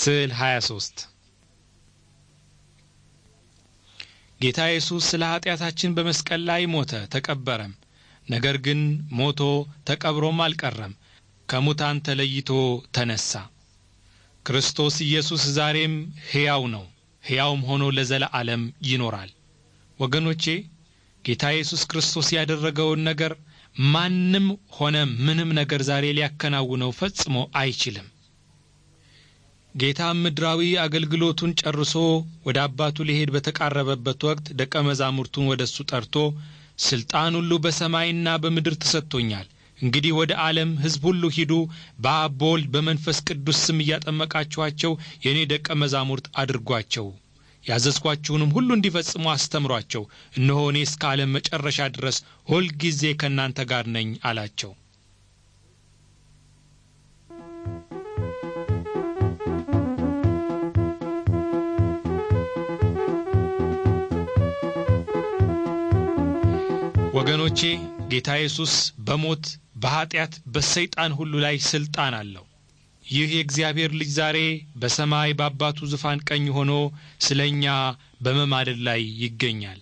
ስዕል 23 ጌታ ኢየሱስ ስለ ኀጢአታችን በመስቀል ላይ ሞተ፣ ተቀበረም። ነገር ግን ሞቶ ተቀብሮም አልቀረም፣ ከሙታን ተለይቶ ተነሣ። ክርስቶስ ኢየሱስ ዛሬም ሕያው ነው፣ ሕያውም ሆኖ ለዘለዓለም ይኖራል። ወገኖቼ ጌታ ኢየሱስ ክርስቶስ ያደረገውን ነገር ማንም ሆነ ምንም ነገር ዛሬ ሊያከናውነው ፈጽሞ አይችልም። ጌታም ምድራዊ አገልግሎቱን ጨርሶ ወደ አባቱ ሊሄድ በተቃረበበት ወቅት ደቀ መዛሙርቱን ወደ እሱ ጠርቶ ሥልጣን ሁሉ በሰማይና በምድር ተሰጥቶኛል። እንግዲህ ወደ ዓለም ሕዝብ ሁሉ ሂዱ፣ በአብ በወልድ በመንፈስ ቅዱስ ስም እያጠመቃችኋቸው የእኔ ደቀ መዛሙርት አድርጓቸው፣ ያዘዝኳችሁንም ሁሉ እንዲፈጽሙ አስተምሯቸው። እነሆ እኔ እስከ ዓለም መጨረሻ ድረስ ሁልጊዜ ከእናንተ ጋር ነኝ አላቸው። ወገኖቼ ጌታ ኢየሱስ በሞት በኀጢአት በሰይጣን ሁሉ ላይ ሥልጣን አለው። ይህ የእግዚአብሔር ልጅ ዛሬ በሰማይ በአባቱ ዙፋን ቀኝ ሆኖ ስለ እኛ በመማደድ ላይ ይገኛል።